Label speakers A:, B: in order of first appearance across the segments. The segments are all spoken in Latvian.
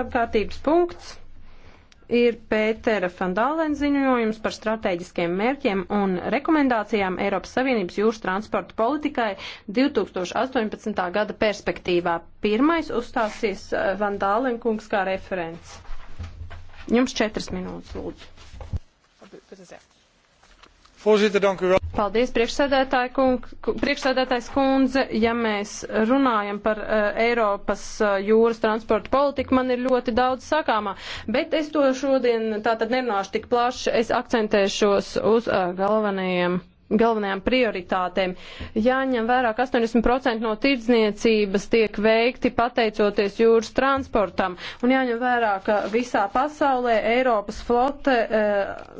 A: Apkārtības punkts ir Pētera Fandālēna ziņojums par strateģiskiem mērķiem un rekomendācijām Eiropas Savienības jūras transporta politikai 2018. gada perspektīvā. Pirmais uzstāsies Vandālēna eh, kungs kā referents. Jums četras minūtes, lūdzu. Paldies, priekšsēdētājs kundze. Ja mēs runājam par uh, Eiropas uh, jūras transporta politiku, man ir ļoti daudz sakāmā, bet es to šodien tātad nerunāšu tik plaši. Es akcentēšos uz uh, galvenajiem galvenajām prioritātēm. Jāņem vērā, ka 80% no tirdzniecības tiek veikti pateicoties jūras transportam, un jāņem vērā, ka visā pasaulē Eiropas flote e,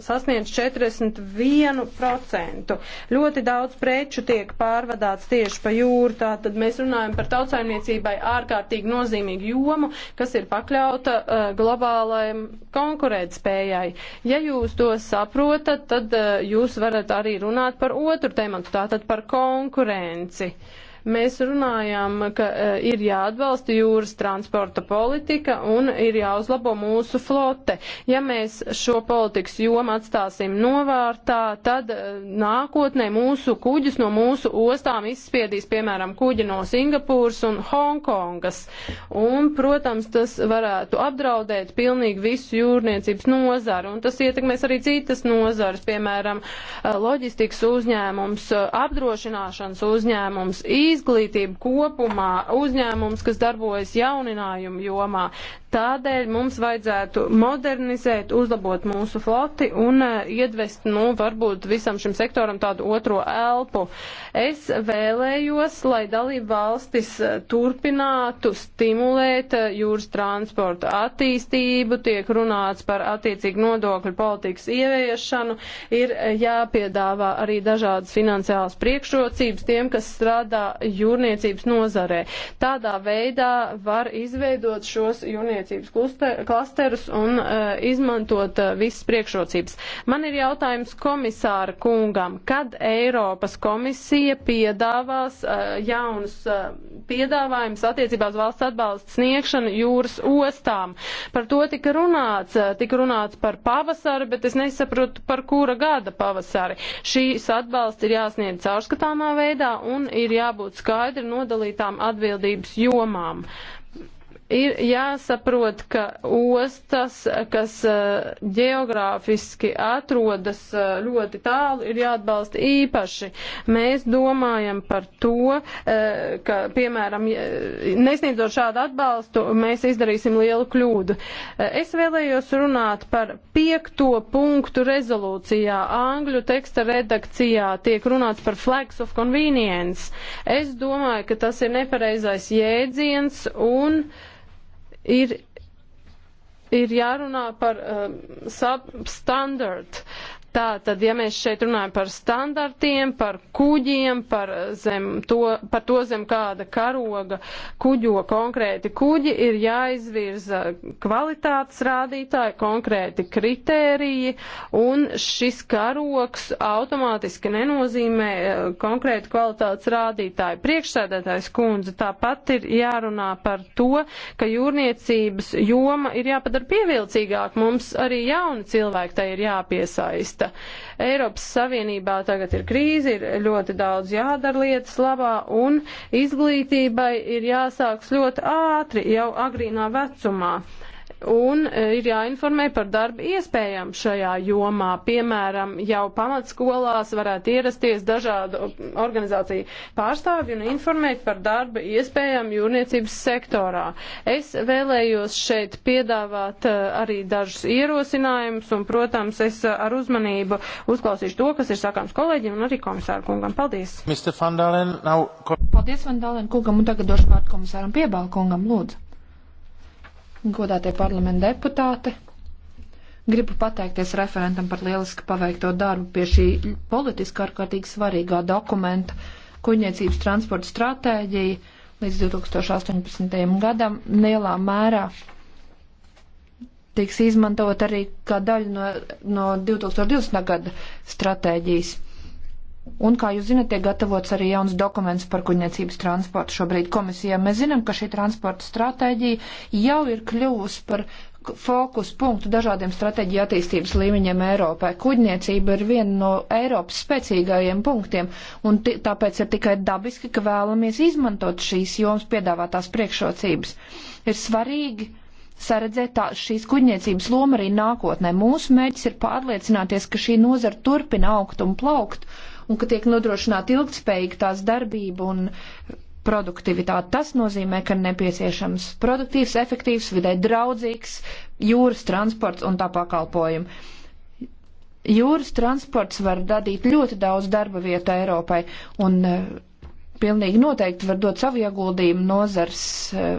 A: sasniedz 41%. Ļoti daudz preču tiek pārvadāts tieši pa jūru, tātad mēs runājam par tautsaimniecībai ārkārtīgi nozīmīgu jomu, kas ir pakļauta e, eh, globālajiem konkurētspējai. Ja jūs to saprotat, tad e, jūs varat arī runāt par otru tematu, tātad par konkurenci. Uh, Mēs runājām, ka eh, ir jāatbalsta jūras transporta politika un ir jāuzlabo mūsu flote. Ja mēs šo politikas jomu atstāsim novārtā, tad eh, nākotnē mūsu kuģus no mūsu ostām izspiedīs, piemēram, kuģi no Singapūras un Hongkongas. Un, protams, tas varētu apdraudēt pilnīgi visu jūrniecības nozaru, un tas ietekmēs arī citas nozares, piemēram, eh, loģistikas uzņēmums, apdrošināšanas uzņēmums, izglītību kopumā, uzņēmums, kas darbojas jauninājumu jomā. Tādēļ mums vajadzētu modernizēt, uzlabot mūsu floti un uh, iedvest, nu, varbūt visam šim sektoram tādu otro elpu. Es vēlējos, lai dalība valstis eh, turpinātu stimulēt eh, jūras transporta attīstību, tiek runāts par attiecīgu nodokļu politikas ieviešanu, ir jāpiedāvā arī dažādas finansiālas priekšrocības tiem, kas strādā jūrniecības nozarē. Tādā veidā var izveidot šos jūrniecības rūpniecības klasterus un uh, izmantot uh, visas priekšrocības. Man ir jautājums komisāra kungam, kad Eiropas komisija piedāvās uh, jaunus uh, piedāvājumus attiecībā uz valsts atbalstu sniegšanu jūras ostām. Par to tika runāts, uh, tika runāts par pavasari, bet es nesaprotu, par kura gada pavasari. Šīs atbalsts ir jāsniedz caurskatāmā veidā un ir jābūt skaidri nodalītām atbildības jomām ir jāsaprot, ka ostas, kas eh, geogrāfiski atrodas eh, ļoti tālu, ir jāatbalsta īpaši. Mēs domājam par to, eh, ka, piemēram, nesniedzot šādu atbalstu, mēs izdarīsim lielu kļūdu. Es vēlējos runāt par piekto punktu rezolūcijā. Angļu teksta redakcijā tiek runāts par flags of convenience. Es domāju, ka tas ir nepareizais jēdziens un uh, ir ir jārunā par um, substandardu. Tā tad, ja mēs šeit runājam par standartiem, par kuģiem, par, zem to, par to zem kāda karoga kuģo konkrēti kuģi, ir jāizvirza kvalitātes rādītāji, konkrēti kritēriji, un šis karogs automātiski nenozīmē eh, konkrēti kvalitātes rādītāji. Priekšsēdētājs kundze tāpat ir jārunā par to, ka jūrniecības joma ir jāpadara pievilcīgāk. Mums arī jauni cilvēki tai ir jāpiesaista teksta. Eiropas Savienībā tagad ir krīze, ir ļoti daudz jādara lietas labā, un izglītībai ir jāsāks ļoti ātri, jau agrīnā vecumā un e, ir jāinformē par darba iespējām šajā jomā. Piemēram, jau pamatskolās varētu ierasties dažādu organizāciju pārstāvju un informēt par darba iespējām jūrniecības sektorā. Es vēlējos šeit piedāvāt e, arī dažus ierosinājumus, un, protams, es e, ar uzmanību uzklausīšu to, kas ir sakāms kolēģiem un arī komisāru kungam. Paldies! Van Dalen, now...
B: Paldies,
C: Vandalen kungam, un tagad došu vārdu komisāram Piebalkungam, lūdzu godātie parlamenta deputāti. Gribu pateikties referentam par lieliski paveikto darbu pie šī politiski ārkārtīgi svarīgā dokumenta kuģniecības transporta stratēģija līdz 2018. gadam lielā mērā tiks izmantot arī kā daļa no, no 2020. gada stratēģijas. Un, kā jūs zināt, tiek gatavots arī jauns dokuments par kuģniecības transportu šobrīd komisijā. Mēs zinām, ka šī transporta stratēģija jau ir kļuvusi par fokus punktu dažādiem stratēģiju attīstības līmeņiem Eiropai. Kuģniecība ir viena no Eiropas spēcīgajiem punktiem, un tāpēc ir tikai dabiski, ka vēlamies izmantot šīs jomas piedāvātās priekšrocības. Ir svarīgi saredzēt tā, šīs kuģniecības lomu arī nākotnē. Mūsu mērķis ir pārliecināties, ka šī nozara turpina augt un plaukt. Uh, un ka tiek nodrošināta ilgtspējīga tās darbība un produktivitāte. Tas nozīmē, ka nepieciešams produktīvs, efektīvs, vidē draudzīgs jūras transports un tā pakalpojumi. Jūras transports var radīt ļoti daudz darba vietu Eiropai un eh, pilnīgi noteikti var dot savu ieguldījumu nozars eh,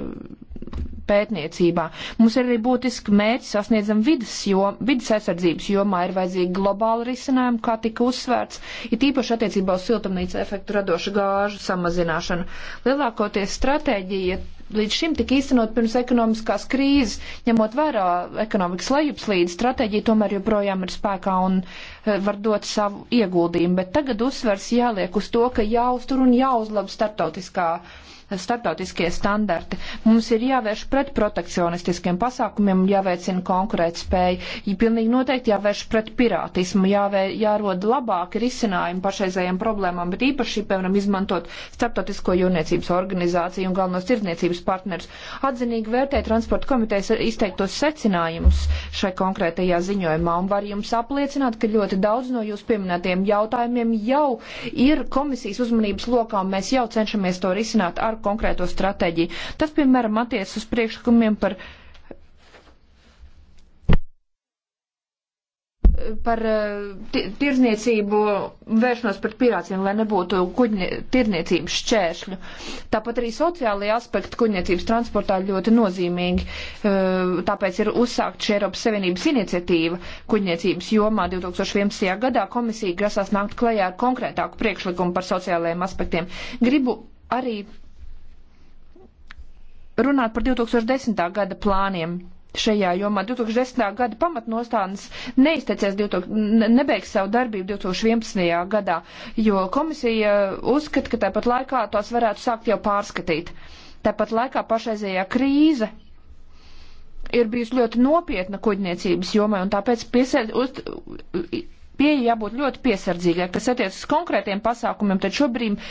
C: pētniecībā. Mums ir arī būtiski mērķi sasniedzam vidas, jo, vidas aizsardzības jomā ir vajadzīgi globāli risinājumi, kā tika uzsvērts, ir tīpaši attiecībā uz siltumnīca efektu radošu gāžu samazināšanu. Lielākoties stratēģija līdz šim tika īstenot pirms ekonomiskās krīzes, ņemot vērā ekonomikas lejupslīdes, stratēģija tomēr joprojām ir spēkā un eh, var dot savu ieguldījumu, bet tagad uzsvers jāliek uz to, ka jāuztur un jāuzlab startautiskā starptautiskie standarti. Mums ir jāvērš pret protekcionistiskiem pasākumiem, jāveicina konkurētspēja, pilnīgi noteikti jāvērš pret pirātismu, jāvē, jārod labāki risinājumi pašreizējiem problēmām, bet īpaši, piemēram, izmantot starptautisko jūrniecības organizāciju un galvenos tirdzniecības partnerus. Atzinīgi vērtē transporta komitejas izteiktos secinājumus šai konkrētajā ziņojumā un var jums apliecināt, ka ļoti daudz no jūs pieminētiem jautājumiem jau ir komisijas uzmanības lokā un mēs jau cenšamies to risināt ar konkrēto stratēģiju. Tas, piemēram, attiec uz priekšlikumiem par. par eh, tirzniecību, vēršanos pret pirātiem, lai nebūtu kuģi, tirzniecības šķēršļu. Tāpat arī sociālajie aspekti kuģniecības transportā ļoti nozīmīgi. Eh, tāpēc ir uzsākt šī Eiropas Savienības iniciatīva kuģniecības jomā 2011. gadā komisija grasās nākt klajā ar konkrētāku priekšlikumu par sociālajiem aspektiem. Gribu arī runāt par 2010. gada plāniem šajā jomā. 2010. gada pamatnostādnes neiztecēs, 2000, nebeigs savu darbību 2011. gadā, jo komisija uzskata, ka tāpat laikā tos varētu sākt jau pārskatīt. Tāpat laikā pašreizējā krīze ir bijusi ļoti nopietna kuģniecības jomai, un tāpēc piesēd, uz, pieeja jābūt ļoti piesardzīgai, kas attiec uz konkrētiem pasākumiem, tad šobrīd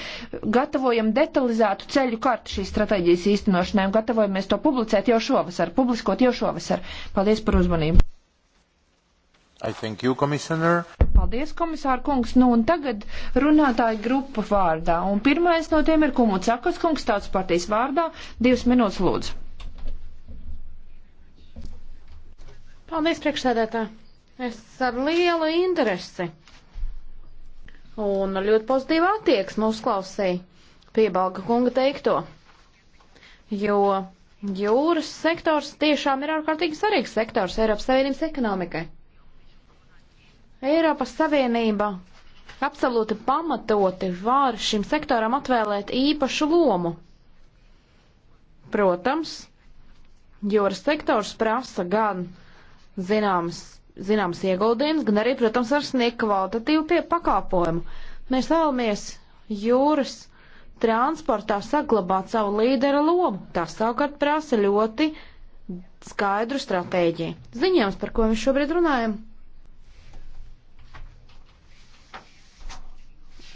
C: gatavojam detalizētu ceļu kartu šīs stratēģijas īstenošanai un gatavojamies to publicēt jau šovasar, publiskot jau šovasar. Paldies par uzmanību.
A: You, Paldies,
C: komisāra kungs. Nu, un tagad runātāju grupu vārdā. Un pirmais no tiem ir Kumucakas kungs, tāds partijas vārdā. Divas minūtes lūdzu.
B: Paldies, priekšsēdētāji. Es ar lielu interesi un ar ļoti pozitīvu attieksmi uzklausīju piebalga kunga teikto, jo jūras sektors tiešām ir ārkārtīgi svarīgs sektors Eiropas Savienības ekonomikai. Eiropas Savienība absolūti pamatoti var šim sektoram atvēlēt īpašu lomu. Protams, jūras sektors prasa gan zināmas zināms ieguldījums, gan arī, protams, var sniegt kvalitatīvu pie pakāpojumu. Mēs vēlamies jūras transportā saglabāt savu līdera lomu. Tas savukārt prasa ļoti skaidru stratēģiju. Ziņojums, par ko mēs šobrīd runājam.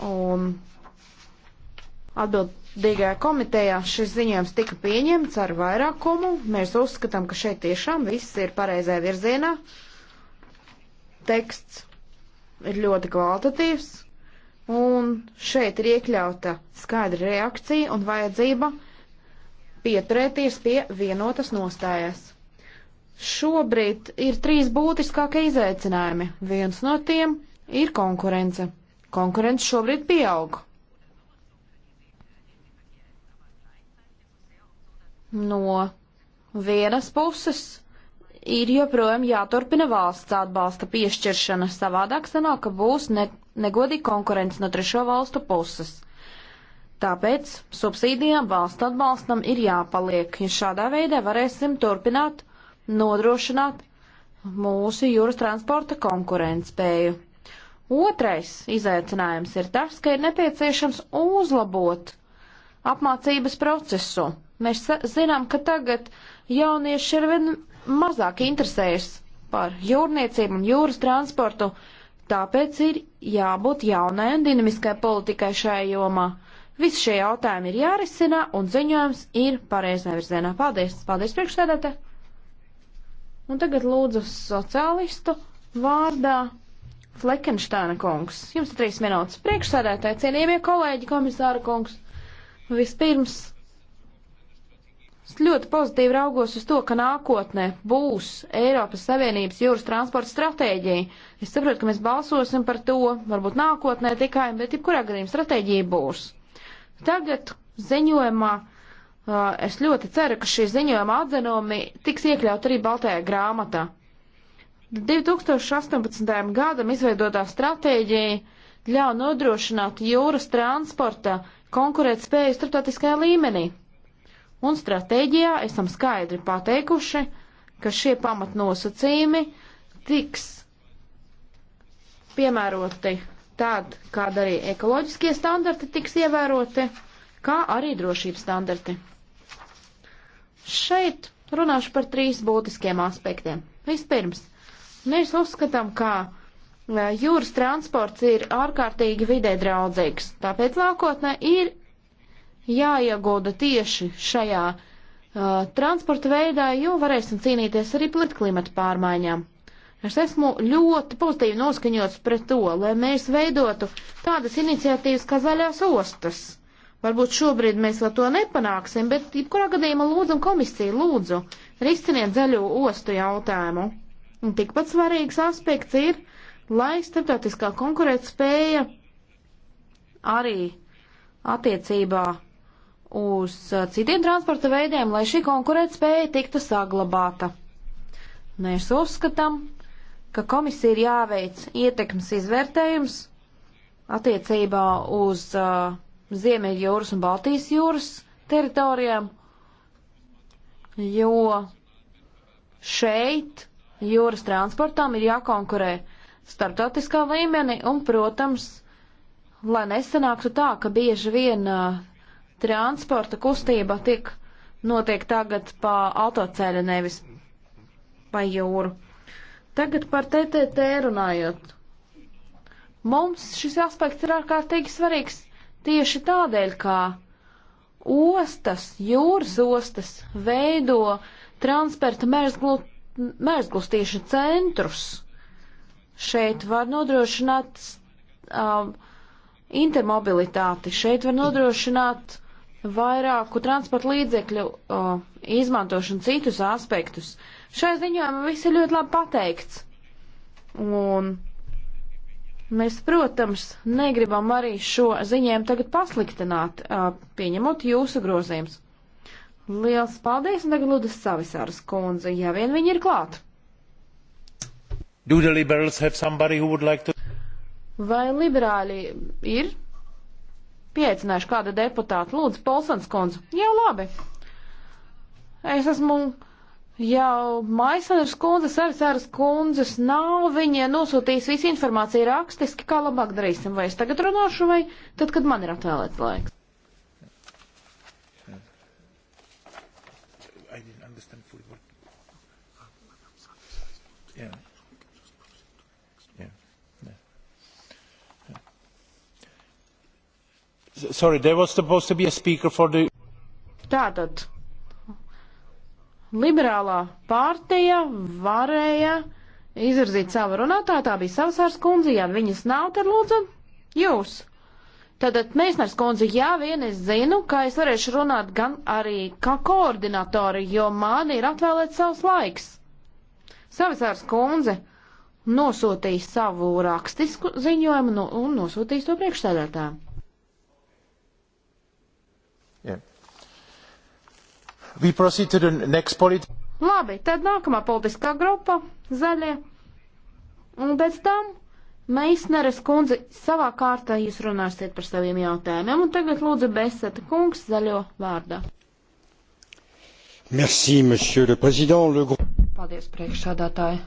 B: Un atbildīgajā komitejā šis ziņojums tika pieņemts ar vairākumu. Mēs uzskatām, ka šeit tiešām viss ir pareizajā virzienā. Uh, teksts ir ļoti kvalitatīvs, un šeit ir iekļauta skaidra reakcija un vajadzība pieturēties pie vienotas nostājas. Šobrīd ir trīs būtiskākie izaicinājumi. Viens no tiem ir konkurence. Konkurence šobrīd pieaug. No vienas puses ir joprojām jāturpina valsts atbalsta piešķiršana. Savādāk sanāk, ka būs ne, negodīga konkurence no trešo valstu puses. Tāpēc subsīdijām valsts atbalstam ir jāpaliek, ja šādā veidā varēsim turpināt nodrošināt mūsu jūras transporta konkurētspēju. Otrais izaicinājums ir tas, ka ir nepieciešams uzlabot apmācības procesu. Mēs zinām, ka tagad jaunieši ir vien mazāk interesējas par jūrniecību un jūras transportu, tāpēc ir jābūt jaunai un dinamiskai politikai šajā jomā. Visi šie jautājumi ir jārisina un ziņojums ir pareizajā virzienā. Paldies! Paldies priekšsēdētē! Un tagad lūdzu sociālistu vārdā Fleckensteina kungs. Jums ir trīs minūtes priekšsēdētāji, cienījamie kolēģi, komisāra kungs. Vispirms Es ļoti pozitīvi raugos uz to, ka nākotnē būs Eiropas Savienības jūras transporta stratēģija. Es saprotu, ka mēs balsosim par to, varbūt nākotnē tikai, bet jebkurā gadījumā stratēģija būs. Tagad ziņojumā es ļoti ceru, ka šī ziņojuma atzinumi tiks iekļaut arī Baltajā grāmatā. 2018. gadam izveidotā stratēģija ļauj nodrošināt jūras transporta konkurētspēju starptautiskajā līmenī. Un stratēģijā esam skaidri pateikuši, ka šie pamatnosacījumi tiks piemēroti tad, kad arī ekoloģiskie standarti tiks ievēroti, kā arī drošības standarti. Šeit runāšu par trīs būtiskiem aspektiem. Vispirms, mēs uzskatām, ka eh, jūras transports ir ārkārtīgi vidē draudzīgs, tāpēc nākotnē ir jāiegulda tieši šajā uh, transporta veidā, jo varēsim cīnīties arī pret klimata pārmaiņām. Es esmu ļoti pozitīvi noskaņots pret to, lai mēs veidotu tādas iniciatīvas kā zaļās ostas. Varbūt šobrīd mēs vēl to nepanāksim, bet jebkurā gadījumā lūdzam komisiju, lūdzu, risiniet zaļo ostu jautājumu. Un tikpat svarīgs aspekts ir, lai starptautiskā konkurētspēja arī attiecībā uz uh, citiem transporta veidiem, lai šī konkurētspēja tiktu saglabāta. Mēs uzskatām, ka komisija ir jāveic ietekmes izvērtējums attiecībā uz uh, Ziemeļjūras un Baltijas jūras teritorijām, jo šeit jūras transportām ir jākonkurē starptautiskā līmenī un, protams, lai nesanāktu tā, ka bieži vien uh, transporta kustība tiek notiek tagad pa autoceļu, nevis pa jūru. Tagad par TTT runājot. Mums šis aspekts ir ārkārtīgi svarīgs tieši tādēļ, kā ostas, jūras ostas veido transporta mērzglu, mērzglus tieši centrus. Šeit var nodrošināt um, intermobilitāti, šeit var nodrošināt vairāku transporta līdzekļu o, izmantošanu, citus aspektus. Šai ziņojumā viss ir ļoti labi pateikts. Un mēs, protams, negribam arī šo ziņojumu tagad pasliktināt, o, pieņemot jūsu grozījums. Liels paldies, un tagad lūdzu savisāras kundze, ja vien viņi ir klāt. Do the liberals have somebody who would like to? Vai liberāļi ir pieaicināšu kādu deputātu. Lūdzu, Polsons kundze. Jau labi. Es esmu jau Maisanas kundzes, Arsaras kundzes nav. Viņa nosūtīs visu informāciju rakstiski, kā labāk darīsim. Vai es tagad runāšu, vai tad, kad man ir atvēlēts laiks.
C: Sorry, there was supposed to be a speaker for the.
B: Tātad, liberālā pārtija varēja izvirzīt savu runātāju, tā bija Savsārs kundze, ja viņas nav, tad lūdzu jūs. Tātad, Meisners kundze, jā, vien es zinu, ka es varēšu runāt gan arī kā koordinatori, jo man ir atvēlēts savs laiks. Savisārs kundze nosūtīs savu rakstisku ziņojumu nu, un nosūtīs to priekšstādātājiem.
A: Yeah.
C: We proceed to the next politi-
B: Labi, tad nākamā politiskā grupa - zaļie. Un pēc tam Meisneres kundze savā kārtā jūs runāsiet par saviem jautājumiem. Un tagad lūdzu Beseta kungs zaļo vārdā.
A: Merci, monsieur le président. Le...
B: Paldies,
C: priekšsādātāji.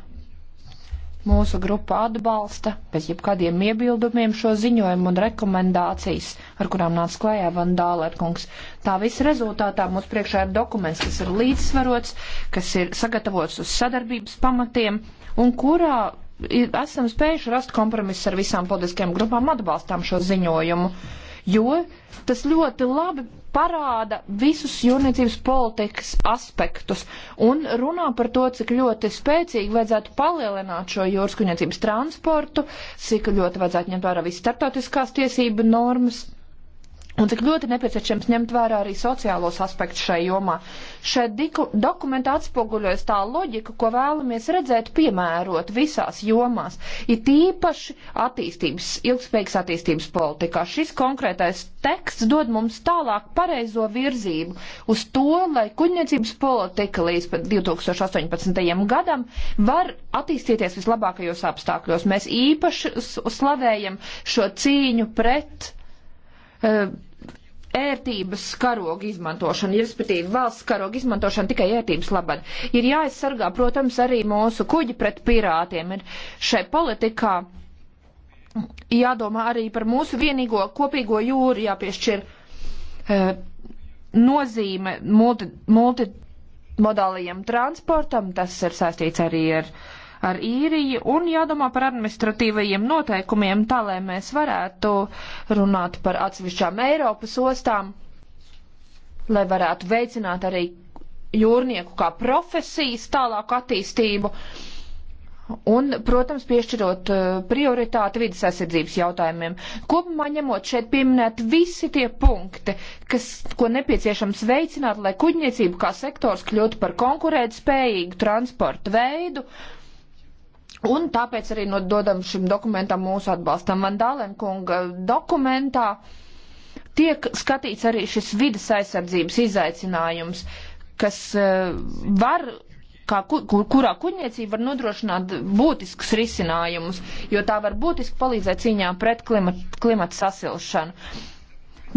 C: Mūsu grupa atbalsta bez jebkādiem iebildumiem šo ziņojumu un rekomendācijas, ar kurām nāca klajā Van Dālerkungs. Tā visa rezultātā mums priekšā ir dokuments, kas ir līdzsvarots, kas ir sagatavots uz sadarbības pamatiem un kurā esam spējuši rast kompromisu ar visām politiskajām grupām atbalstām šo ziņojumu jo tas ļoti labi parāda visus jūrniecības politikas aspektus un runā par to, cik ļoti spēcīgi vajadzētu palielināt šo jūras kuģniecības transportu, cik ļoti vajadzētu ņemt vērā visas starptautiskās tiesību normas. Un cik ļoti nepieciešams ņemt vērā arī sociālos aspektus šai jomā. Šeit dokumentā atspoguļojas tā loģika, ko vēlamies redzēt piemērot visās jomās, ir tīpaši attīstības, ilgspējīgas attīstības politikā. Šis konkrētais teksts dod mums tālāk pareizo virzību uz to, lai kuģniecības politika līdz 2018. gadam var attīstīties vislabākajos apstākļos. Mēs īpaši slavējam šo cīņu pret. Uh, ērtības karogu izmantošanu, respektīvi valsts karogu izmantošanu tikai ērtības labad. Ir jāaizsargā, protams, arī mūsu kuģi pret pirātiem. Ir šai politikā jādomā arī par mūsu vienīgo kopīgo jūru, jāpiešķir eh, nozīme multi, multimodālajiem transportam. Tas ir saistīts arī ar. Eh, ar īriju un jādomā par administratīvajiem noteikumiem tā, lai mēs varētu runāt par atsevišķām Eiropas ostām, lai varētu veicināt arī jūrnieku kā profesijas tālāku attīstību. Un, protams, piešķirot eh, prioritāti vidas aizsardzības jautājumiem. Kopumā ņemot šeit pieminēt visi tie punkti, kas, ko nepieciešams veicināt, lai kuģniecība kā sektors kļūtu par konkurētspējīgu transportu veidu, uh, Un tāpēc arī nododam šim dokumentam mūsu atbalstam. Vandālēn kunga dokumentā tiek skatīts arī šis vidas aizsardzības izaicinājums, kas e, var kā, kur, kurā kuģniecība var nodrošināt būtiskus risinājumus, jo tā var būtiski palīdzēt cīņā pret klimata, klimata sasilšanu.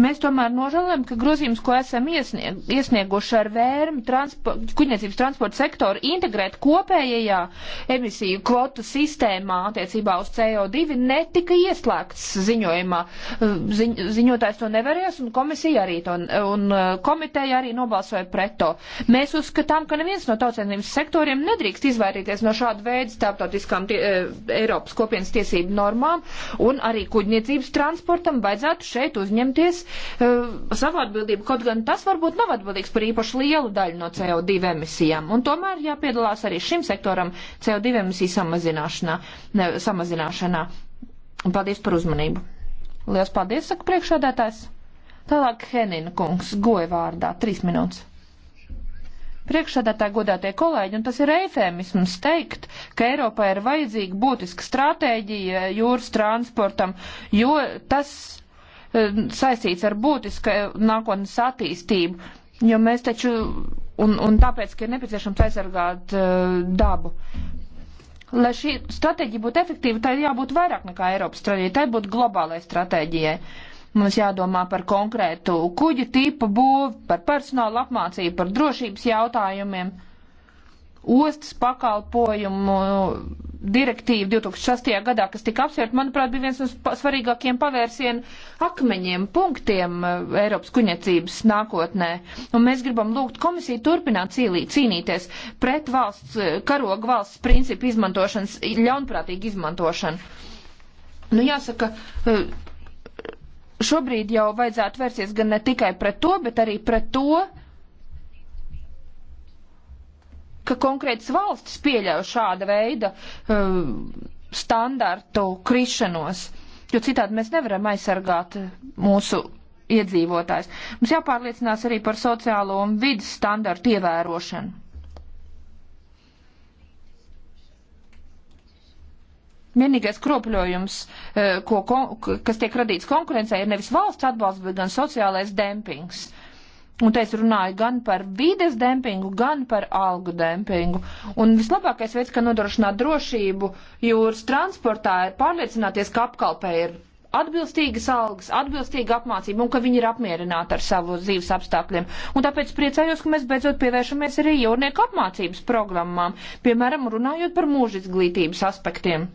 C: Mēs tomēr nožēlojam, ka grozījums, ko esam iesnieg, iesnieguši ar vērmi transpo, kuģniecības transporta sektoru integrēt kopējajā emisiju kvotu sistēmā attiecībā uz CO2, netika ieslēgts ziņojumā. Ziņ, ziņotājs to nevarēs un komisija arī to, un uh, komiteja arī nobalsoja pret to. Mēs uzskatām, ka neviens no tautsēmnības sektoriem nedrīkst izvairīties no šāda veida starptautiskām tie, uh, Eiropas kopienas tiesību normām un arī kuģniecības transportam vajadzētu šeit uzņemties uzņemties uh, savu atbildību, kaut gan tas varbūt nav atbildīgs par īpaši lielu daļu no CO2 emisijām. Un tomēr jāpiedalās arī šim sektoram CO2 emisiju samazināšanā. Ne, samazināšanā. Paldies par uzmanību. Lielas paldies, saka priekšādātājs. Tālāk Henina kungs, goja vārdā, trīs minūtes priekšsēdētāji, godātie kolēģi, un tas ir eifēmisms teikt, ka Eiropā ir vajadzīga būtiska stratēģija jūras transportam, jo tas Eh, saistīts ar būtisku eh, nākotnes attīstību, jo mēs taču, un, un tāpēc, ka ir nepieciešams aizsargāt uh, dabu. Lai šī stratēģija būtu efektīva, tai jābūt vairāk nekā Eiropas stratēģija, tai būtu globālai stratēģijai. Mums jādomā par konkrētu kuģu tipu būvu, par personāla apmācību, par drošības jautājumiem, ostas pakalpojumu direktīva 2006. gadā, kas tika apsvērta, manuprāt, bija viens no svarīgākiem pavērsienu akmeņiem, punktiem uh, Eiropas kuņniecības nākotnē. Un mēs gribam lūgt komisiju turpināt cīlī, cīnīties pret valsts, uh, karoga valsts principu izmantošanas, ļaunprātīgu izmantošanu. Nu, jāsaka, uh, šobrīd jau vajadzētu vērsties gan ne tikai pret to, bet arī pret to, ka konkrētas valstis pieļauj šāda veida uh, standartu krišanos, jo citādi mēs nevaram aizsargāt uh, mūsu iedzīvotājs. Mums jāpārliecinās arī par sociālo un vidas standartu ievērošanu. Vienīgais kropļojums, uh, ko, kas tiek radīts konkurencei, ir nevis valsts atbalsts, bet gan sociālais dempings. Un te es runāju gan par vides dempingu, gan par algu dempingu. Un vislabākais veids, kā nodrošināt drošību jūras transportā, ir pārliecināties, ka apkalpē ir atbilstīgas algas, atbilstīga apmācība un ka viņi ir apmierināti ar savu dzīves apstākļiem. Un tāpēc priecājos, ka mēs beidzot pievēršamies arī jūrnieku apmācības programmām, piemēram, runājot par mūža izglītības aspektiem.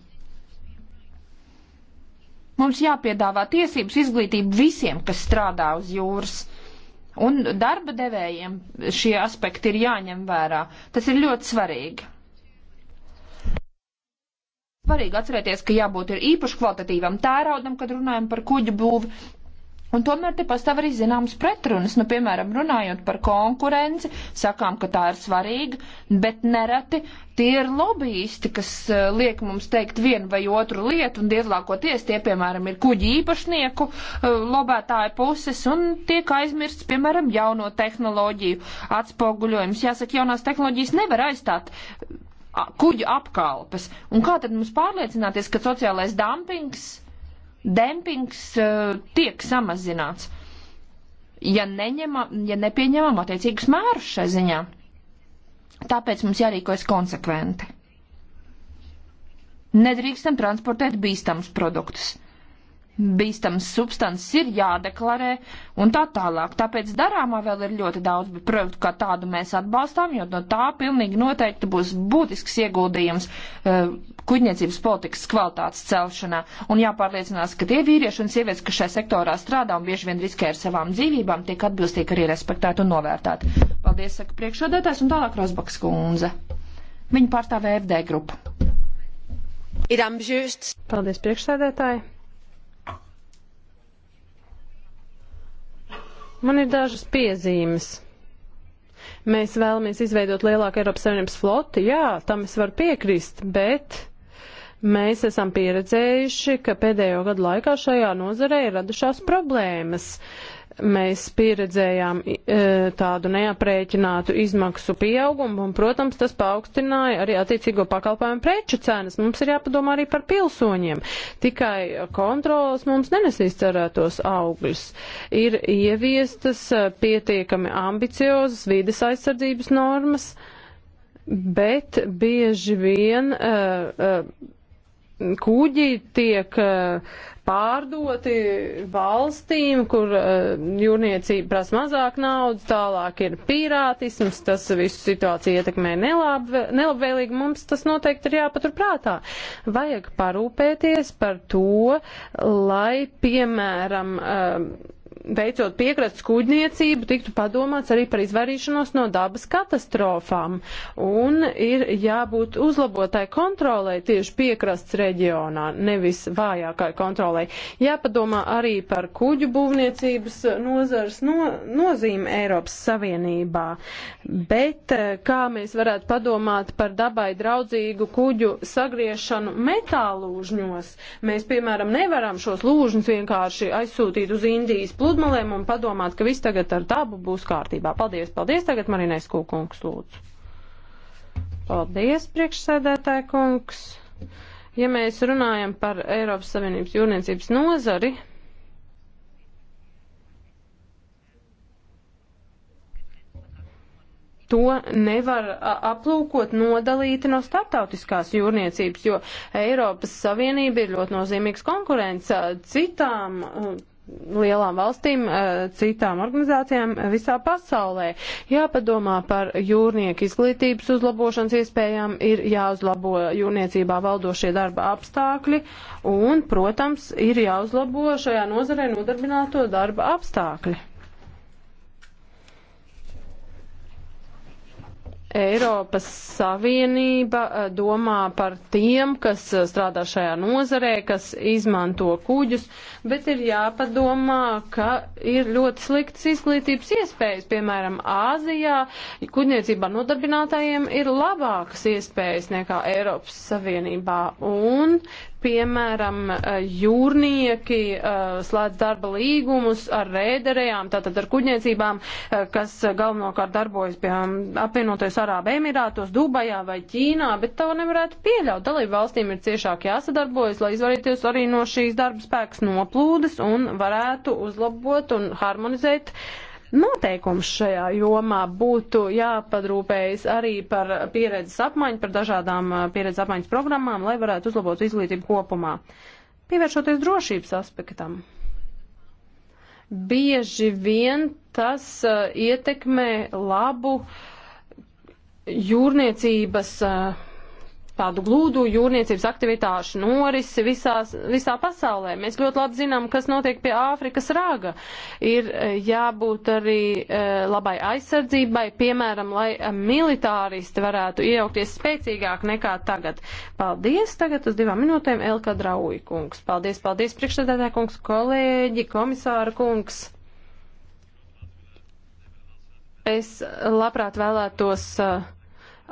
C: Mums jāpiedāvā tiesības izglītību visiem, kas strādā uz jūras. Un darba devējiem šie aspekti ir jāņem vērā. Tas ir ļoti svarīgi svarīgi atcerēties, ka jābūt ir īpaši kvalitatīvam tēraudam, kad runājam par kuģu būvi, Un tomēr te pastāv arī zināmas pretrunas. Nu, piemēram, runājot par konkurenci, sakām, ka tā ir svarīga, bet nereti tie ir lobbyisti, kas uh, liek mums teikt vienu vai otru lietu, un diezlākoties tie, piemēram, ir kuģi īpašnieku uh, eh, lobētāja puses, un tiek aizmirsts, piemēram, jauno tehnoloģiju atspoguļojums. Jāsaka, jaunās tehnoloģijas nevar aizstāt eh, kuģu apkalpes. Un kā tad mums pārliecināties, ka sociālais dumpings dempings uh, tiek samazināts, ja, neņema, ja nepieņemam attiecīgus mērus šai ziņā. Tāpēc mums jārīkojas konsekventi. Nedrīkstam transportēt bīstamus produktus bīstamas substances ir jādeklarē un tā tālāk. Tāpēc darāmā vēl ir ļoti daudz, bet projektu kā tādu mēs atbalstām, jo no tā pilnīgi noteikti būs būtisks ieguldījums uh, kuģniecības politikas kvalitātes celšanā. Un jāpārliecinās, ka tie vīrieši un sievietes, kas šajā sektorā strādā un bieži vien riskē ar savām dzīvībām, tiek atbilstīgi arī respektēti un novērtēti. Paldies, saka priekšādātājs un tālāk Rosbaks kundze. Viņa pārstāvē
A: FD grupu. Ir amžūsts. Paldies priekšsēdētāji. Man ir dažas piezīmes. Mēs vēlamies izveidot lielāku Eiropas Savienības floti, jā, tam es varu piekrist, bet mēs esam pieredzējuši, ka pēdējo gadu laikā šajā nozarē ir radušās problēmas. Uh, mēs pieredzējām e, tādu neaprēķinātu izmaksu pieaugumu, un, protams, tas paaugstināja arī attiecīgo pakalpojumu preču cenas. Mums ir jāpadomā arī par pilsoņiem. Tikai kontrolas mums nenesīs cerētos augļus. Ir ieviestas e, pietiekami ambiciozas vides aizsardzības normas, bet bieži vien. Uh, uh, kuģi tiek eh, pārdoti valstīm, kur eh, jūrniecība prasa mazāk naudas, tālāk ir pirātisms, tas visu situāciju ietekmē nelab, nelabvēlīgi, mums tas noteikti ir jāpaturprātā. Vajag parūpēties par to, lai, piemēram, eh, veicot piekrastes kuģniecību, tiktu padomāts arī par izvairīšanos no dabas katastrofām. Un ir jābūt uzlabotai kontrolē tieši piekrastes reģionā, nevis vājākai kontrolē. Jāpadomā arī par kuģu būvniecības nozars no, nozīmi Eiropas Savienībā. Bet eh, kā mēs varētu padomāt par dabai draudzīgu kuģu sagriešanu metālūžņos? Mēs, piemēram, nevaram šos lūžņus vienkārši aizsūtīt uz Indijas pludu pludmalēm un padomāt, ka viss tagad ar dabu būs kārtībā. Paldies, paldies, tagad Marinais Kūkungs lūdzu. Paldies, priekšsēdētāja kungs. Ja mēs runājam par Eiropas Savienības jūrniecības nozari, to nevar aplūkot nodalīti no starptautiskās jūrniecības, jo Eiropas Savienība ir ļoti nozīmīgs konkurents citām lielām valstīm, eh, citām organizācijām visā pasaulē. Jāpadomā par jūrnieku izglītības uzlabošanas iespējām, ir jāuzlabo jūrniecībā valdošie darba apstākļi un, protams, ir jāuzlabo šajā nozarē nodarbināto darba apstākļi. Eiropas Savienība eh, domā par tiem, kas eh, strādā šajā nozarē, kas izmanto kuģus, bet ir jāpadomā, ka ir ļoti sliktas izglītības iespējas. Piemēram, Āzijā kuģniecībā nodarbinātājiem ir labākas iespējas nekā Eiropas Savienībā. Un piemēram, eh, jūrnieki eh, slēdz darba līgumus ar rēderējām, tātad ar kuģniecībām, eh, kas galvenokārt darbojas, piemēram, apvienoties Arābu Emirātos, Dubajā vai Ķīnā, bet to nevarētu pieļaut. Dalību valstīm ir ciešāk jāsadarbojas, lai izvarīties arī no šīs darba spēks noplūdes un varētu uzlabot un harmonizēt uh, noteikums šajā jomā būtu jāpadrūpējas arī par pieredzes apmaiņu, par dažādām uh, pieredzes apmaiņas programmām, lai varētu uzlabot izglītību kopumā. Pievēršoties drošības aspektam. Bieži vien tas uh, ietekmē labu jūrniecības uh, tādu glūdu jūrniecības aktivitāšu norisi visās, visā pasaulē. Mēs ļoti labi zinām, kas notiek pie Āfrikas rāga. Ir eh, jābūt arī eh, labai aizsardzībai, piemēram, lai eh, militāristi varētu iejaukties spēcīgāk nekā tagad. Paldies tagad uz divām minūtēm Elka Drauji kungs. Paldies, paldies priekšsēdētāja kungs, kolēģi, komisāra kungs. Es labprāt vēlētos uh,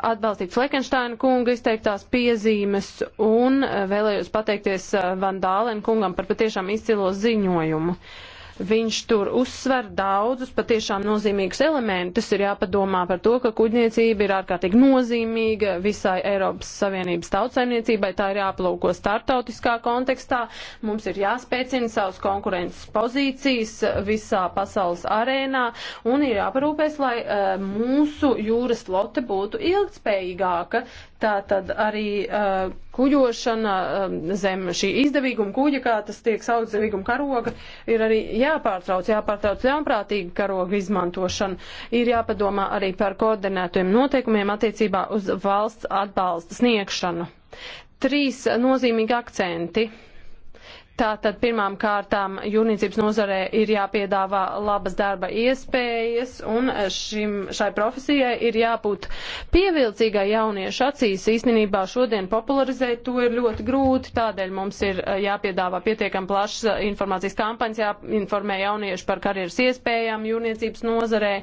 A: atbalstīt Fleckensteina kunga izteiktās piezīmes un eh, vēlējos pateikties eh, Van Dālen kungam par patiešām izcilo ziņojumu. Uh, Viņš tur uzsver daudzus patiešām nozīmīgus elementus. Ir jāpadomā par to, ka kuģniecība ir ārkārtīgi nozīmīga visai Eiropas Savienības tautsaimniecībai. Tā ir jāplūko startautiskā kontekstā. Mums ir jāspēcina savas konkurences pozīcijas visā pasaules arēnā un ir jāparūpēs, lai uh, mūsu jūras flote būtu ilgtspējīgāka. Tā tad arī uh, kuģošana uh, zem šī izdevīguma kuģa, kā tas tiek sauc izdevīguma karoga, ir arī jāpārtrauc, jāpārtrauc ļaunprātīga karoga izmantošana. Ir jāpadomā arī par koordinētiem noteikumiem attiecībā uz valsts atbalsta sniegšanu. Trīs nozīmīgi akcenti Tātad pirmām kārtām jūrniecības nozarē ir jāpiedāvā labas darba iespējas, un šim, šai profesijai ir jābūt pievilcīgai jauniešu acīs. Īstenībā šodien popularizēt to ir ļoti grūti, tādēļ mums ir eh, jāpiedāvā pietiekam plašs eh, informācijas kampaņas, jāinformē jaunieši par karjeras iespējām jūrniecības nozarē.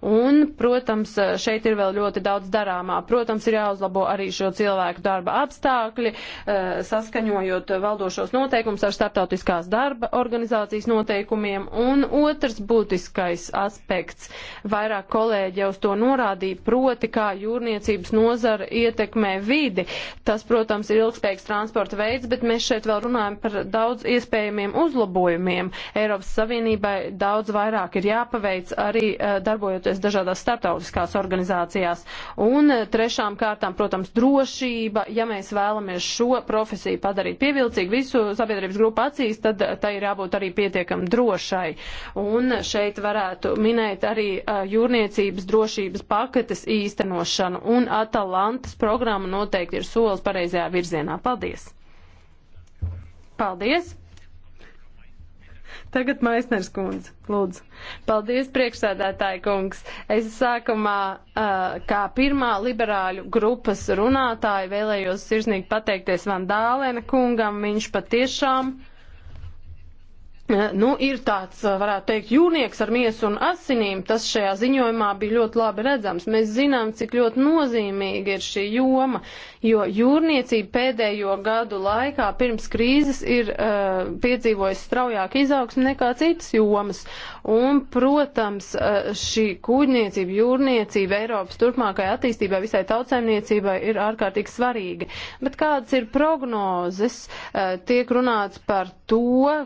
A: Un, protams, šeit ir vēl ļoti daudz darāmā. Protams, ir jāuzlabo arī šo cilvēku darba apstākļi, eh, saskaņojot valdošos noteikumus ar starptautiskās darba organizācijas noteikumiem. Un otrs būtiskais aspekts, vairāk kolēģi jau uz to norādīja, proti, kā jūrniecības nozara ietekmē vidi. Tas, protams, ir ilgspējīgs transporta veids, bet mēs šeit vēl runājam par daudz iespējamiem uzlabojumiem. Eiropas Savienībai daudz vairāk ir jāpaveic arī eh, darbojoties darboties dažādās starptautiskās organizācijās. Un eh, trešām kārtām, protams, drošība. Ja mēs vēlamies šo profesiju padarīt pievilcīgu visu sabiedrības grupu acīs, tad eh, tai ir jābūt arī pietiekami drošai. Un šeit varētu minēt arī eh, jūrniecības drošības paketes īstenošanu. Un Atalantas programma noteikti ir solis pareizajā virzienā. Paldies! Paldies! Tagad Maisners kundze, lūdzu. Paldies, priekšsēdētāji kungs. Es sākumā, kā pirmā liberāļu grupas runātāja, vēlējos sirsnīgi pateikties Vandālēna kungam. Viņš patiešām. Nu, ir tāds, varētu teikt, jūnieks ar miesu un asinīm. Tas šajā ziņojumā bija ļoti labi redzams. Mēs zinām, cik ļoti nozīmīga ir šī joma jo jūrniecība pēdējo gadu laikā pirms krīzes ir uh, piedzīvojusi straujāku izaugsmu nekā citas jomas. Un, protams, uh, šī kuģniecība, jūrniecība Eiropas turpmākajai attīstībai visai tautsēmniecībai ir ārkārtīgi svarīga. Bet kādas ir prognozes? Uh, tiek runāts par to,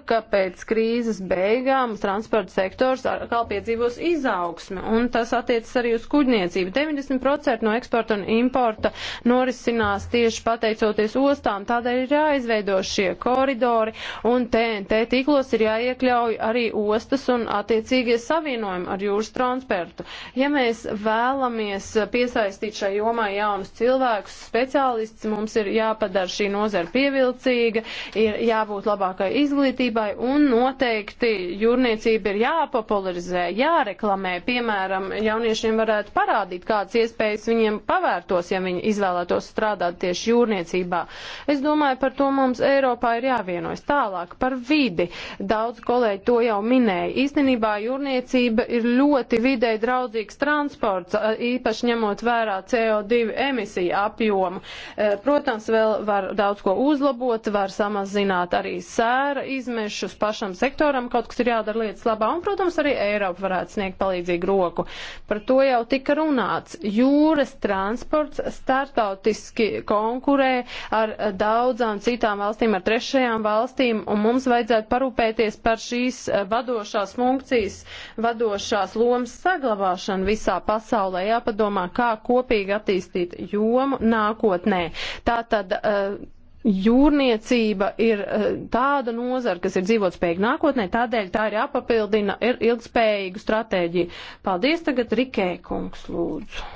A: ka pēc krīzes beigām transporta sektors atkal piedzīvos izaugsmi, un tas attiecas arī uz kuģniecību. 90% no eksporta un importa norisinājuma samazinās tieši pateicoties ostām. Tādēļ ir jāizveido šie koridori un TNT tīklos ir jāiekļauj arī ostas un attiecīgie savienojumi ar jūras transportu. Ja mēs vēlamies piesaistīt šai jomā jaunus cilvēkus, speciālistus, mums ir jāpadara šī nozara pievilcīga, ir jābūt labākai izglītībai un noteikti jūrniecība ir jāpopularizē, jāreklamē. Piemēram, jauniešiem varētu parādīt, kādas iespējas viņiem pavērtos, ja viņi izvēlētos strādāt strādāt tieši jūrniecībā. Es domāju, par to mums Eiropā ir jāvienojas. Tālāk par vidi. Daudz kolēģi to jau minēja. Īstenībā jūrniecība ir ļoti vidē draudzīgs transports, īpaši ņemot vērā CO2 emisiju apjomu. E, protams, vēl var daudz ko uzlabot, var samazināt arī sēra izmešus pašam sektoram, kaut kas ir jādara lietas labā, un, protams, arī Eiropa varētu sniegt palīdzīgu roku. Par to jau tika runāts. Jūras transports startautiski būtiski konkurē ar daudzām citām valstīm, ar trešajām valstīm, un mums vajadzētu parūpēties par šīs vadošās funkcijas, vadošās lomas saglabāšanu visā pasaulē. Jāpadomā, kā kopīgi attīstīt jomu nākotnē. Tātad, eh, Jūrniecība ir eh, tāda nozara, kas ir dzīvotspējīga nākotnē, tādēļ tā ir jāpapildina ir ilgspējīgu stratēģiju. Paldies tagad Rikē kungs, lūdzu.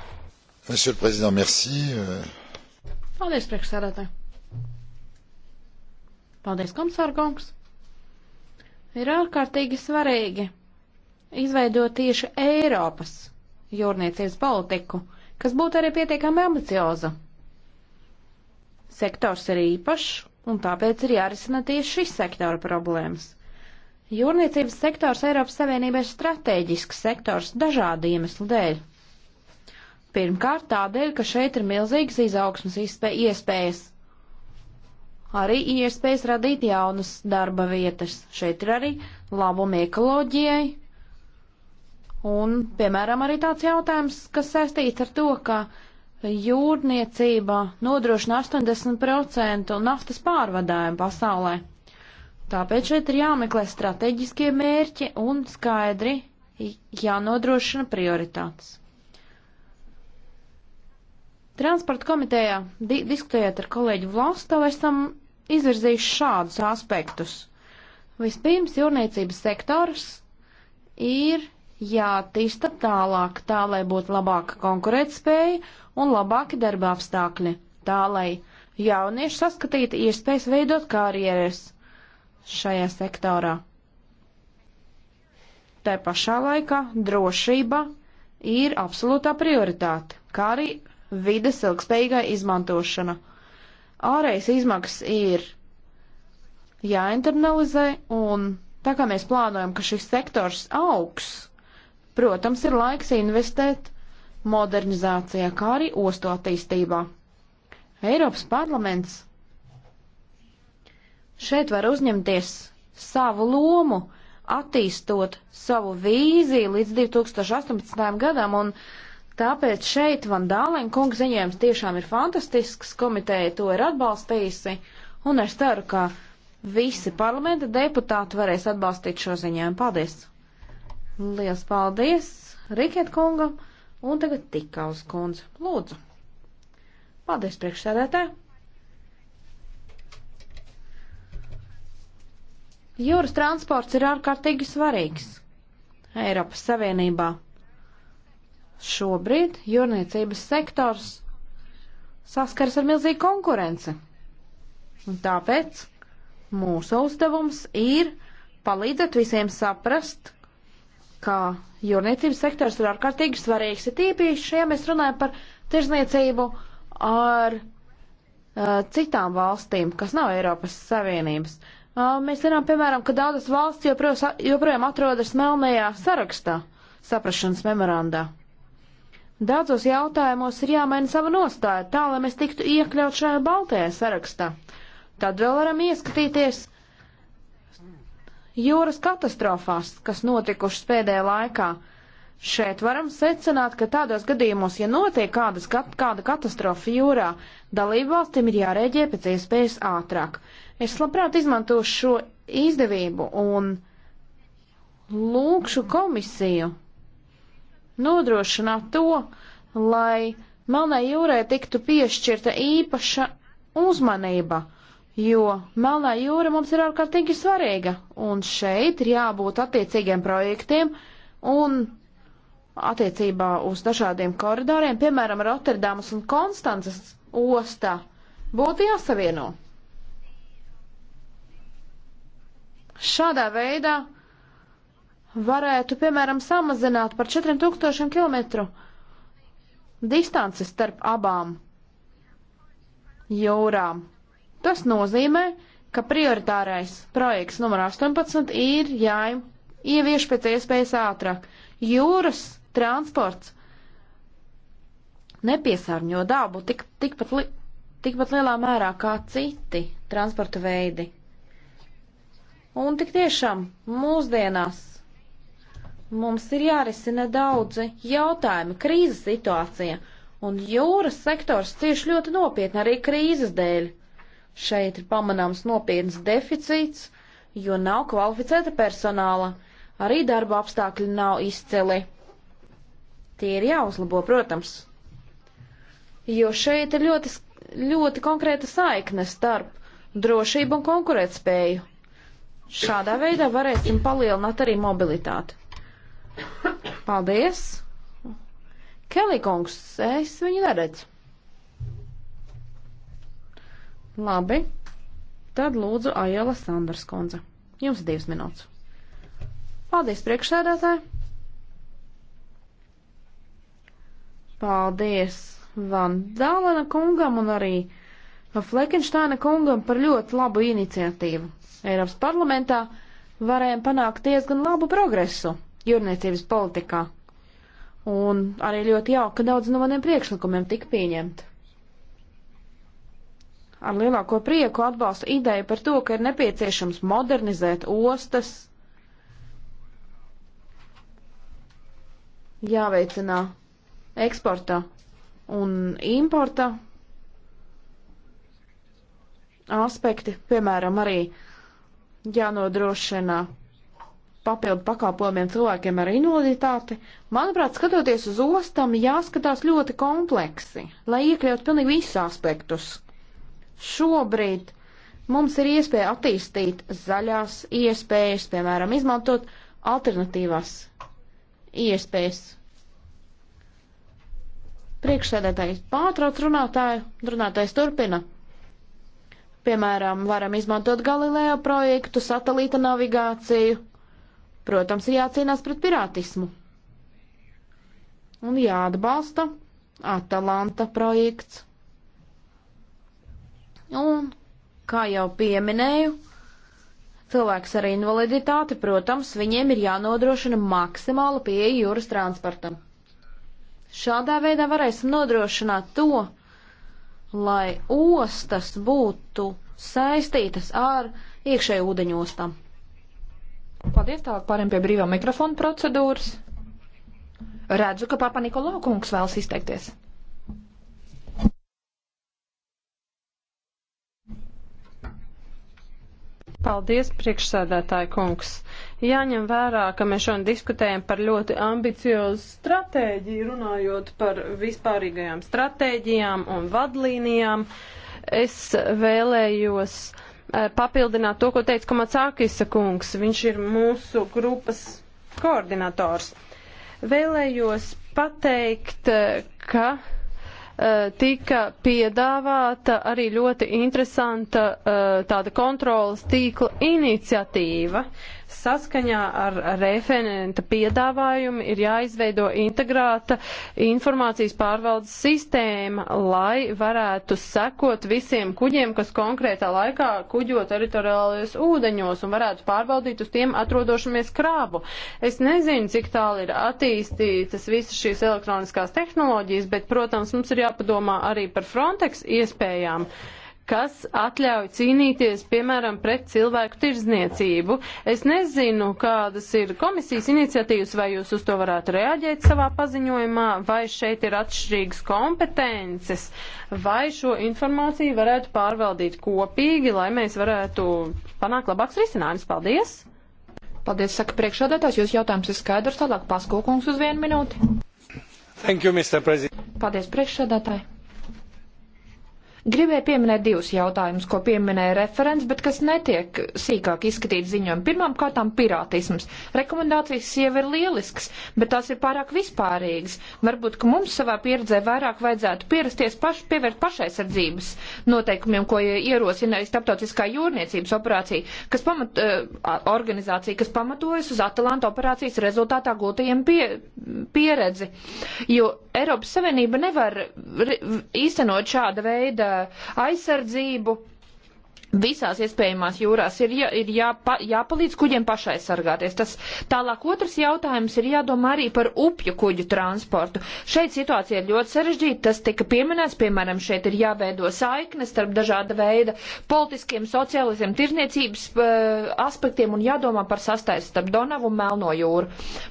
C: Monsieur le Président, merci. Euh,
A: Paldies,
B: priekšsēdētāji. Paldies, komisārkungs. Ir ārkārtīgi svarīgi izveidot tieši Eiropas jūrniecības politiku, kas būtu arī pietiekami ambicioza. Sektors ir īpašs, un tāpēc ir jārisina tieši šis sektora problēmas. Jūrniecības sektors Eiropas Savienībai ir strateģisks sektors dažādu iemeslu dēļ. Pirmkārt, tādēļ, ka šeit ir milzīgas izaugsmas iespējas. Arī iespējas radīt jaunas darba vietas. Šeit ir arī labumi ekoloģijai. Un, piemēram, arī tāds jautājums, kas saistīts ar to, ka jūrniecība nodrošina 80% naftas pārvadājumu pasaulē. Tāpēc šeit ir jāmeklē strateģiskie mērķi un skaidri jānodrošina prioritātes. Transporta komitejā di diskutējot ar kolēģi Vlastovu, esam izvirzījuši šādus aspektus. Vispirms jūrniecības sektors ir jātīsta tālāk, tā lai būtu labāka konkurētspēja un labāki darba apstākļi, tā lai jaunieši saskatītu iespējas veidot karjeras šajā sektorā. Tā pašā laikā drošība ir absolūtā prioritāte, kā arī vides ilgspējīgai izmantošana. Ārējas izmaksas ir jāinternalizē, un tā kā mēs plānojam, ka šis sektors augs, protams, ir laiks investēt modernizācijā, kā arī ostu attīstībā. Eiropas parlaments šeit var uzņemties savu lomu, attīstot savu vīziju līdz 2018. gadam, un Tāpēc šeit Van Dālen kungs ziņojums tiešām ir fantastisks, komiteja to ir atbalstījusi, un es ceru, ka visi parlamenta deputāti varēs atbalstīt šo ziņojumu. Paldies! Lielas paldies Riket kungam, un tagad tikaus kundze. Lūdzu! Paldies priekšsēdētāji! Jūras transports ir ārkārtīgi svarīgs Eiropas Savienībā. Šobrīd jūrniecības sektors saskars ar milzīgu konkurenci. Un tāpēc mūsu uzdevums ir palīdzēt visiem saprast, ka jūrniecības sektors ir ārkārtīgi svarīgs. Ir tīpaši, ja mēs runājam par tirzniecību ar uh, citām valstīm, kas nav Eiropas Savienības. Uh, mēs zinām, piemēram, ka daudzas valsts joprojām, joprojām atrodas melnajā sarakstā, saprašanas memorandā. Daudzos jautājumos ir jāmaina sava nostāja tā, lai mēs tiktu iekļaut šajā baltajā sarakstā. Tad vēl varam ieskatīties jūras katastrofās, kas notikušas pēdējā laikā. Šeit varam secināt, ka tādos gadījumos, ja notiek kādas, kāda katastrofa jūrā, dalībvalstīm ir jārēģē pēc iespējas ātrāk. Es labprāt izmantošu šo izdevību un lūkšu komisiju nodrošināt to, lai Melnai jūrai tiktu piešķirta īpaša uzmanība, jo Melnā jūra mums ir ārkārtīgi svarīga, un šeit ir jābūt attiecīgiem projektiem un attiecībā uz dažādiem koridoriem, piemēram, Rotterdamas un Konstances ostā, būtu jāsavieno. Šādā veidā varētu, piemēram, samazināt par 4000 km distanci starp abām jūrām. Tas nozīmē, ka prioritārais projekts numur 18 ir jāievieš pēc iespējas ātrāk. Jūras transports nepiesārņo dabu tik, tikpat, li, tikpat lielā mērā kā citi transporta veidi. Un tik tiešām mūsdienās Mums ir jārisina daudzi jautājumi, krīzes situācija, un jūras sektors cieši ļoti nopietni arī krīzes dēļ. Šeit ir pamanāms nopietns deficīts, jo nav kvalificēta personāla, arī darba apstākļi nav izcili. Tie ir jāuzlabo, protams, jo šeit ir ļoti, ļoti konkrēta saikne starp drošību un konkurētspēju. Šādā veidā varēsim palielināt arī mobilitāti. Paldies! Kelikungs, es viņu neredzu. Labi, tad lūdzu Aiela Sanders konza. Jums divas minūtes. Paldies, priekšsēdētāji! Paldies Van Dālena kungam un arī Flekenštāna kungam par ļoti labu iniciatīvu. Eiropas parlamentā varējām panākt diezgan labu progresu jūrniecības politikā. Un arī ļoti jauka, ka daudz no maniem priekšlikumiem tika pieņemti. Ar lielāko prieku atbalstu ideju par to, ka ir nepieciešams modernizēt ostas, jāveicinā eksporta un importa aspekti, piemēram, arī jānodrošina papildu pakalpojumiem cilvēkiem ar invaliditāti, manuprāt, skatoties uz ostām, jāskatās ļoti kompleksi, lai iekļautu pilnīgi visus aspektus. Šobrīd mums ir iespēja attīstīt zaļās iespējas, piemēram, izmantot alternatīvās iespējas. Priekšsēdētājs pārtrauc runātāju, runātājs turpina. Piemēram, varam izmantot Galileo projektu, satelīta navigāciju, Protams, ir jācīnās pret pirātismu un jāatbalsta Atalanta projekts. Un, kā jau pieminēju, cilvēks ar invaliditāti, protams, viņiem ir jānodrošina maksimāla pieeja jūras transportam. Šādā veidā varēsim nodrošināt to, lai ostas būtu saistītas ar iekšēju ūdeņostām. Paldies, tālāk pāriem pie brīvā mikrofona procedūras. Redzu, ka Papa
C: Nikolau kungs vēlas izteikties.
A: Paldies, priekšsēdētāji kungs. Jāņem vērā, ka mēs šodien diskutējam par ļoti ambiciozu stratēģiju, runājot par vispārīgajām stratēģijām un vadlīnijām. Es vēlējos uh, Eh, papildināt to, ko teica Komatsākisa kungs. Viņš ir mūsu grupas koordinators. Vēlējos pateikt, eh, ka Eh, tika piedāvāta arī ļoti interesanta eh, tāda kontrolas tīkla iniciatīva. Saskaņā ar referenta piedāvājumu ir jāizveido integrāta informācijas pārvaldes sistēma, lai varētu sekot visiem kuģiem, kas konkrētā laikā kuģo teritoriālajos ūdeņos un varētu pārbaudīt uz tiem atrodošamies krābu. Es nezinu, cik tālu ir attīstītas visas šīs elektroniskās tehnoloģijas, bet, protams, mums ir jā jāpadomā arī par Frontex iespējām kas atļauj cīnīties, piemēram, pret cilvēku tirzniecību. Es nezinu, kādas ir komisijas iniciatīvas, vai jūs uz to varētu reaģēt savā paziņojumā, vai šeit ir atšķirīgas kompetences, vai šo informāciju varētu pārvaldīt kopīgi, lai mēs varētu panākt labāks risinājums. Paldies! Paldies, saka priekšādātājs, jūs jautājums ir skaidrs, tālāk paskokungs uz vienu minūti. Thank you, Mr. President.
C: Paldies, priekšsēdētāji. Gribēju pieminēt divus jautājumus, ko pieminēja referents, bet kas netiek sīkāk izskatīt ziņojumu. Pirmām kārtām pirātisms. Rekomendācijas jau ir lielisks, bet tās ir pārāk vispārīgas. Varbūt, ka mums savā pieredzē vairāk vajadzētu pierasties paš, pievērt pašaizsardzības noteikumiem, ko ierosina starptautiskā jūrniecības operācija, kas pamat, uh, organizācija, kas pamatojas uz Atalanta operācijas rezultātā gūtajiem pie, pieredzi. Jo Eiropas Savienība nevar īstenot šāda veida Uh, aizsardzību Visās iespējamās jūrās ir, jā, ir jāpa, jāpalīdz kuģiem pašaizsargāties. Tas tālāk otrs jautājums ir jādomā arī par upju kuģu transportu. Šeit situācija ir ļoti sarežģīta, tas tika pieminēts, piemēram, šeit ir jāveido saiknes starp dažāda veida politiskiem, sociālisiem, tirzniecības uh, aspektiem un jādomā par sastais starp Donavu un Melno jūru.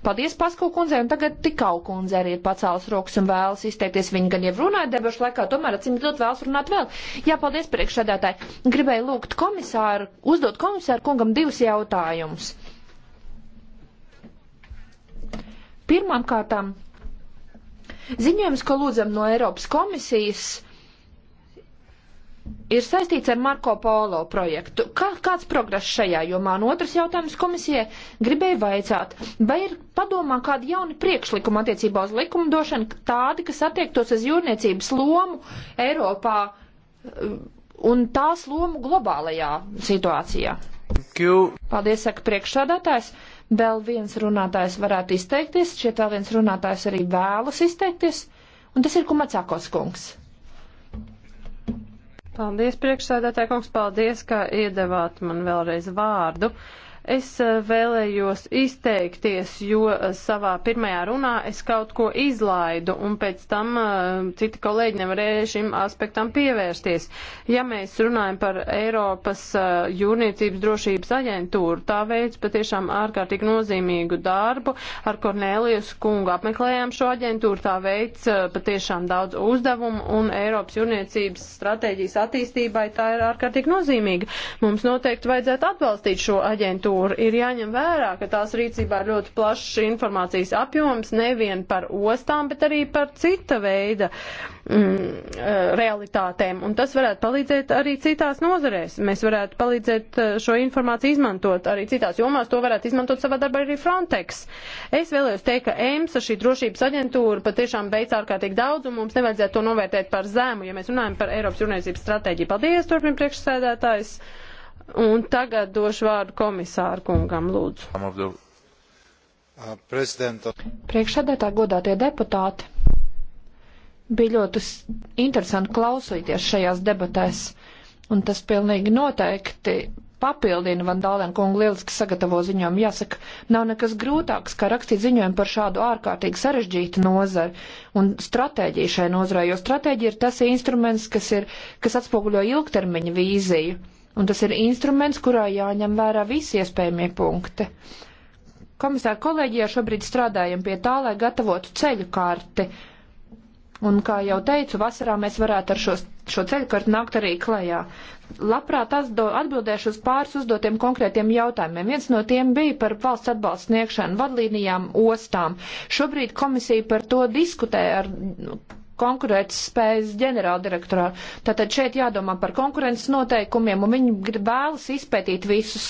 C: Paldies Pasko kundzei un tagad tikau kundze arī ir pacēlus rokas un vēlas izteikties. Viņa gan jau runāja debašu laikā, tomēr acīm redzot vēlas runāt vēl. Jā, paldies priekšsēdētāji. Gribēju gribēju lūgt komisāru, uzdot komisāru kungam divus jautājumus. Pirmām kārtām, ziņojums, ko lūdzam no Eiropas komisijas, ir saistīts ar Marko Polo projektu. Kā, kāds progress šajā jomā? Un otrs jautājums komisijai gribēja vaicāt, vai ir padomā kādi jauni priekšlikumi attiecībā uz likumdošanu, tādi, kas attiektos uz jūrniecības lomu Eiropā un tās lomu globālajā situācijā. Paldies, saka priekšsādātājs. Vēl viens runātājs varētu izteikties, šeit vēl viens runātājs arī vēlas izteikties, un tas ir Kumacākos kungs.
A: Paldies, priekšsēdētāji kungs, paldies, ka iedevāt man vēlreiz vārdu. Uh, Es eh, vēlējos izteikties, jo eh, savā pirmajā runā es kaut ko izlaidu, un pēc tam eh, citi kolēģi nevarēja šim aspektam pievērsties. Ja mēs runājam par Eiropas jūrniecības drošības aģentūru, tā veids patiešām ārkārtīgi nozīmīgu darbu. Ar Kornēlijas kungu apmeklējām šo aģentūru, tā veids patiešām daudz uzdevumu, un Eiropas jūrniecības stratēģijas attīstībai tā ir ārkārtīgi nozīmīga. Mums noteikti vajadzētu atbalstīt šo aģentūru aģentūra, ir jāņem vērā, ka tās rīcībā ir ļoti plašs informācijas apjoms nevien par ostām, bet arī par cita veida mm, eh, realitātēm. Un tas varētu palīdzēt arī citās nozarēs. Mēs varētu palīdzēt eh, šo informāciju izmantot arī citās jomās. To varētu izmantot savā darbā arī Frontex. Es vēlējos teikt, ka EMSA, šī drošības aģentūra, patiešām veic ārkārtīgi daudz, un mums nevajadzētu to novērtēt par zemu, ja mēs runājam par Eiropas jūrniecības stratēģiju. Paldies, turpin priekšsēdētājs. Thank you Un tagad došu vārdu komisāru kungam,
C: lūdzu. Priekšsēdētā
A: godātie deputāti,
C: bija ļoti interesanti klausīties šajās debatēs, un tas pilnīgi noteikti papildina Van Dālēna kungu lieliski sagatavo ziņojumu. Jāsaka, nav nekas grūtāks, kā rakstīt ziņojumu par šādu ārkārtīgi sarežģītu nozari un stratēģiju šai nozarei, jo stratēģija ir tas instruments, kas, ir, kas atspoguļo ilgtermiņa vīziju Un tas ir instruments, kurā jāņem vērā visi iespējamie punkti. Komisāra kolēģijā šobrīd strādājam pie tā, lai gatavotu ceļu karti. Un, kā jau teicu, vasarā mēs varētu ar šos, šo ceļu karti nākt arī klajā. Labprāt atbildēšu uz pāris uzdotiem konkrētiem jautājumiem. Viens no tiem bija par valsts atbalstu sniegšanu vadlīnijām ostām. Šobrīd komisija par to diskutē ar konkurētas spējas ģenerāldirektorā. Tātad šeit jādomā par konkurences noteikumiem, un viņi vēlas izpētīt visus,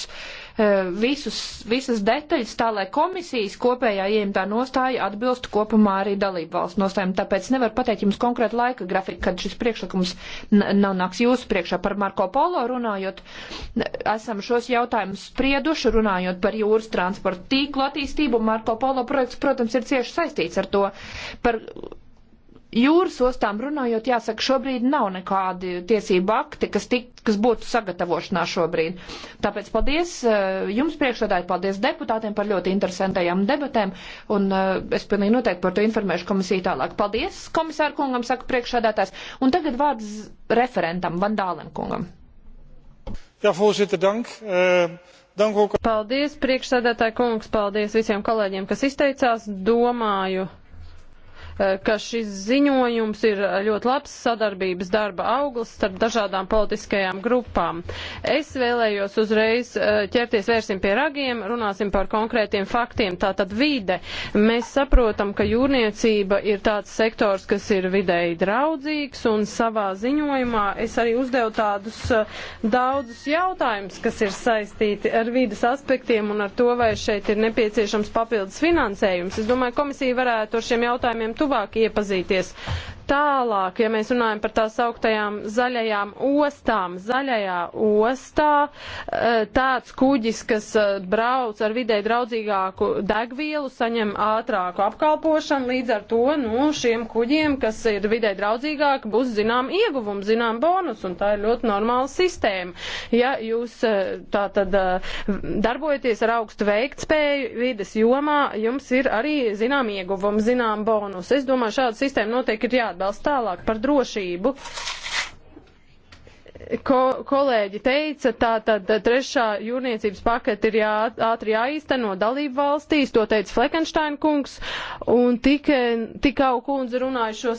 C: eh, visus, visas detaļas tā, lai komisijas kopējā ieņemtā nostāja atbilstu kopumā arī dalību valsts nostājiem. Tāpēc nevar pateikt jums konkrētu laika grafiku, kad šis priekšlikums nav nāks jūsu priekšā. Par Marko Polo runājot, esam šos jautājumus sprieduši, runājot par jūras transportu tīklu attīstību. Marko Polo projekts, protams, ir cieši saistīts ar to. Par Jūras ostām runājot, jāsaka, šobrīd nav nekādi tiesību akti, kas, tik, kas būtu sagatavošanā šobrīd. Tāpēc paldies eh, jums priekšsēdāji, paldies deputātiem par ļoti interesantajām debatēm, un eh, es pilnīgi noteikti par to informēšu komisiju tālāk. Paldies komisāru kungam, saka priekšsēdētājs, un tagad vārds referentam Vandālen
A: kungam. Ja, voorzitter, dank. Uh... Paldies, priekšsēdētāji kungs, paldies visiem kolēģiem, kas izteicās. Domāju, ka šis ziņojums ir ļoti labs sadarbības darba auglis starp dažādām politiskajām grupām. Es vēlējos uzreiz eh, ķerties vērsim pie ragiem, runāsim par konkrētiem faktiem. Tātad vide. Mēs saprotam, ka jūrniecība ir tāds sektors, kas ir videi draudzīgs un savā ziņojumā es arī uzdevu tādus eh, daudzus jautājumus, kas ir saistīti ar vides aspektiem un ar to, vai šeit ir nepieciešams papildus finansējums. Es domāju, komisija varētu ar šiem jautājumiem tu tuvāk iepazīties. Tālāk, ja mēs runājam par tās augtajām zaļajām ostām, zaļajā ostā eh, tāds kuģis, kas eh, brauc ar vidē draudzīgāku degvielu, saņem ātrāku apkalpošanu, līdz ar to nu, šiem kuģiem, kas ir vidē draudzīgāki, būs zinām ieguvumi, zinām bonus, un tā ir ļoti normāla sistēma. Ja jūs eh, tā tad darbojaties ar augstu veiktspēju vides jomā, jums ir arī zinām ieguvumi, zinām bonus. Es domāju, šāda sistēma noteikti ir jādara jāatbalsta tālāk par drošību ko, kolēģi teica, tātad trešā jūrniecības paketa ir jā, ātri jāīsteno dalību valstīs, to teica Fleckensteina kungs, un tikau tika kundze runāja šo,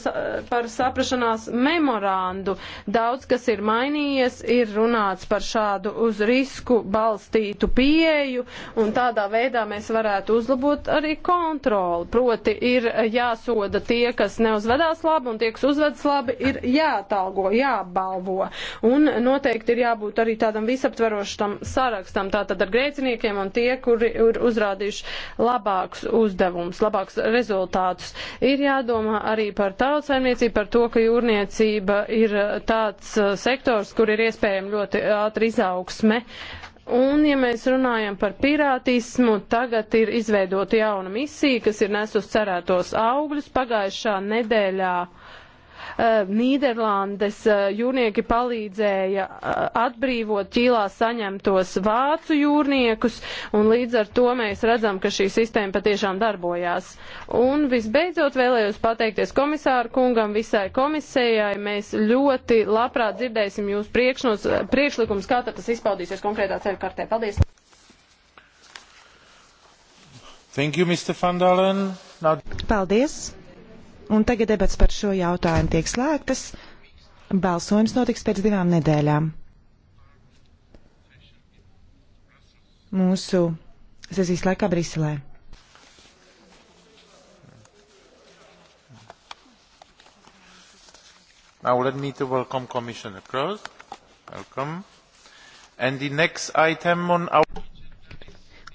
A: par saprašanās memorandu. Daudz, kas ir mainījies, ir runāts par šādu uz risku balstītu pieeju, un tādā veidā mēs varētu uzlabot arī kontroli. Proti ir jāsoda tie, kas neuzvedās labi, un tie, kas uzvedas labi, ir jātalgo, jābalvo. Un Un noteikti ir jābūt arī tādam visaptverošam sarakstam, tātad ar grēciniekiem un tie, kuri ir uzrādījuši labākus uzdevumus, labākus rezultātus. Ir jādomā arī par tautsaimniecību, par to, ka jūrniecība ir tāds uh, sektors, kur ir iespējama ļoti ātri izaugsme. Un, ja mēs runājam par pirātismu, tagad ir izveidota jauna misija, kas ir nesus cerētos augļus pagājušā nedēļā. Uh, Eh, Nīderlandes eh, jūrnieki palīdzēja eh, atbrīvot ķīlā saņemtos vācu jūrniekus, un līdz ar to mēs redzam, ka šī sistēma patiešām darbojās. Un visbeidzot vēlējos pateikties komisāru kungam, visai komisējai. Mēs ļoti labprāt dzirdēsim jūs priekšlikums, kā tas izpaudīsies konkrētā ceļu kartē. Paldies!
C: Thank you, Mr. Van Dalen. Now... Paldies! Un tagad debats par šo jautājumu tiek slēgtas. Balsojums notiks pēc divām nedēļām. Mūsu sesijas laikā Briselē.
A: Now let me to welcome Commissioner Kroos. Welcome. And the next item on our...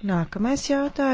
A: Nākamais jautājums.